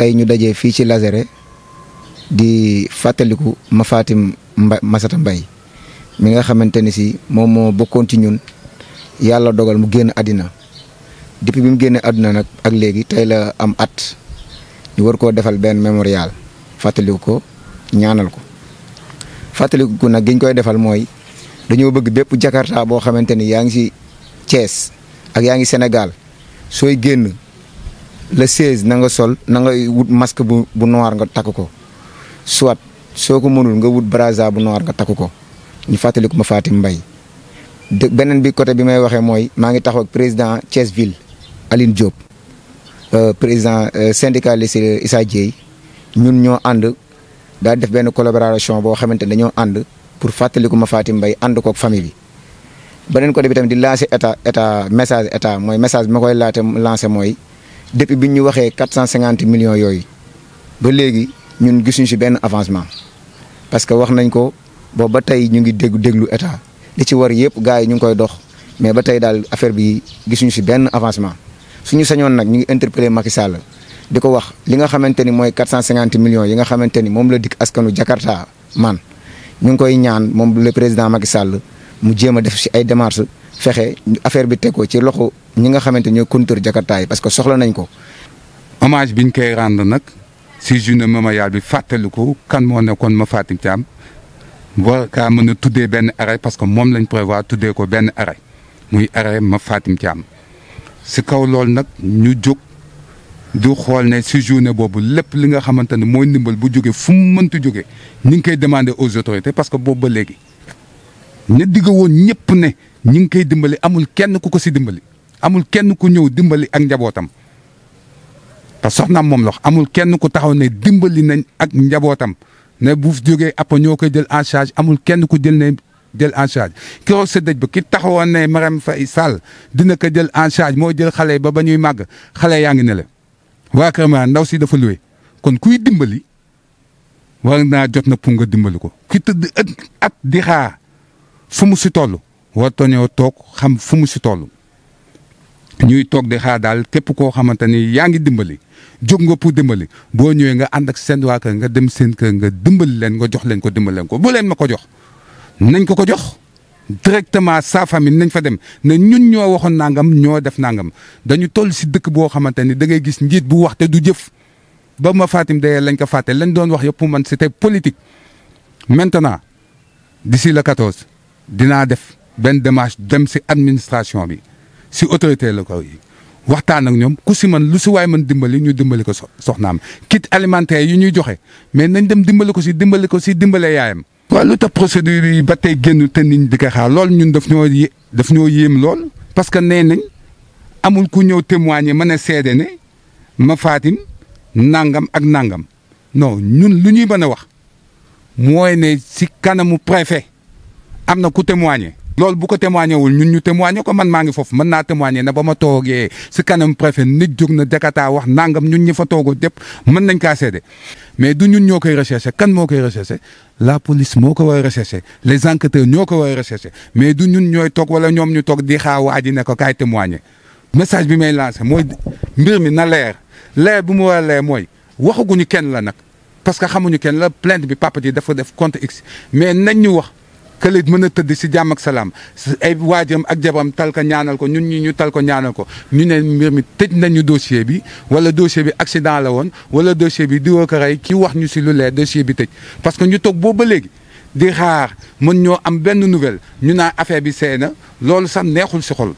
tay ñu dajé fi ci Lazare di fàttaliku Mafatim Mba Masata Mbay mi nga xamanteni ni si moom moo ci ñun yalla dogal mu génn adina depuis bimu génné adina nak ak légui tay la am at ñu war ko defal ben mémorial fàttaliku ko ñaanal ko fàttaliku ko nak giñ koy defal moy dañu bëgg bépp Jakarta bo xamanteni yaangi ci si Thiès ak yaangi Sénégal soy génn le 16 na nga sol na nga wut masque bu bu noir nga takk ko soit soo ko mënul nga wut braza bu noir nga takk ko ñu fàttaliku ma Fatim Mbaye de beneen bi côté bi may waxee mooy maa ngi taxaw ak président Thiès ville Aline Diop euh, président euh, syndicaliste Issa Dieye ñun ñoo ànd daal def benn collaboration boo xamante ne dañoo ànd pour fàttaliku ma Fatim mbay ànd kook famille bi beneen côté bi tamit di lancer état état message état mooy message bi ma koy laate lancer mooy depuis bi ñu waxee quatre cent cinquante millions yooyu ba léegi ñun gisuñu si benn avancement parce que wax nañ ko boobu ba tey ñu ngi dégg déglu état li ci war yëpp gars yi ñu koy dox mais ba tey daal affaire bi gisuñu si benn avancement suñu sañoon nag ñu ngi interpellé Macky Sall di ko wax li nga xamante ni mooy millions yi nga xamante ni la dikk askanu Jakarta man ñu ngi koy ñaan moom le président Macky Sall mu jéem def si ay démarches fexe affaire bi teg ko ci loxo ñi nga xamante ñooy conducteur jakarta yi parce que soxla nañ ko. bi ñu koy rendre nag si journée mémoriale bi fàttaliku kan moo nekkoon ma ci am war kaa mën a tuddee benn arrêt parce que moom lañ prévoir tuddee ko benn arrêt muy arrêt ma faatim ci Thiam si kaw loolu nag ñu jóg. du xool ne si journée boobu lépp li nga xamante ne mooy ndimbal bu jógee fu mu mënti jógee ñu ngi koy demander aux autorités parce que boobu ba léegi ña digg woon ñëpp ne ñu ngi koy dimbali amul kenn ku ko si dimbali. amul kenn ku ñëw dimbali ak njabootam parce que soxnaam moom la amul kenn ku taxaw ne dimbali nañ ak njabootam ne bu jógee appa ñoo koy jël enchage amul kenn ku jël ne jël enchage charge keroog sa dëj ba ki taxawoon ne Marème Faye Sall dina ko jël en moo jël xale yi ba ba ñuy màgg xale yaa ngi ne la waa Kër Maara ndaw si dafa luwe kon kuy dimbali war naa jot na pour nga dimbali ko ki tëdd at di xaar fu mu si toll war ñëw toog xam fu mu si toll. ñuy toog di xaar daal képp koo xamante ni yaa ngi dimbali jóg nga pour dimbali boo ñëwee nga ànd ak seen waa kër nga dem seen kër nga dimbali leen nga jox leen ko dimbali leen ko bu leen ma ko jox nañ ko ko jox. directement saa famille nañ fa dem ne ñun ñoo waxoon nangam ñoo def nangam dañu toll si dëkk boo xamante ni da ngay gis njiit bu wax te du jëf ba ma Fatim Deye lañ ko fàtte lañ doon wax yëpp man c'était politique. maintenant d'ici le 14 dinaa def benn démarche dem si administration bi. si autorité la ko waxtaan ak ñoom ku si man lu si waay mën dimbali ñu dimbali ko soxnaam kiit alimentaire yi ñuy joxe mais nañ dem dimbali ko si dimbali ko si dimbale yaayam. waaw lu tax procédure yi ba tey génn te niñ di ko xaar loolu ñun daf ñoo yé daf ñoo yéem lool parce que nee nañ amul ku ñëw témoigner mën a seede ne ma Fatim nangam ak nangam non ñun lu ñuy mën a wax mooy ne si kanamu préfet am na ku témoigner. loolu bu ko témoigné wul ñun ñu témoigné ko man maa ngi foofu mën naa témoigné na ba ma toogee si kanam préfet nit jóg na Jakarta wax nangam ñun ñi fa toogoo dépp mën nañ kaa seede mais du ñun ñoo koy recherché kan moo koy recherché la police moo ko war a recherché les enquêteurs ñoo ko war a mais du ñun ñooy toog wala ñoom ñu toog di xaar waa ji ne ko kaay témoigné message bi may lancé mooy mbir mi na leer leer bu mu war leer mooy waxaguñu kenn la nag parce que xamuñu kenn la plainte bi papa ji dafa def compte x mais nañ ñu wax. kële mën a tëdd si jàmm ak salaam ay waajam ak jabam tal ko ñaanal ko ñun ñi ñu tal ko ñaanal ko ñu ne mbir mi tëj nañu dossier bi wala dossier bi accident la woon wala dossier bi diwoo ko rey ki wax ñu si lu leer dossier bi tëj parce que ñu toog boobu ba léegi di xaar mën ñoo am benn nouvelle ñu naan affaire bi seey na loolu sax neexul si xol.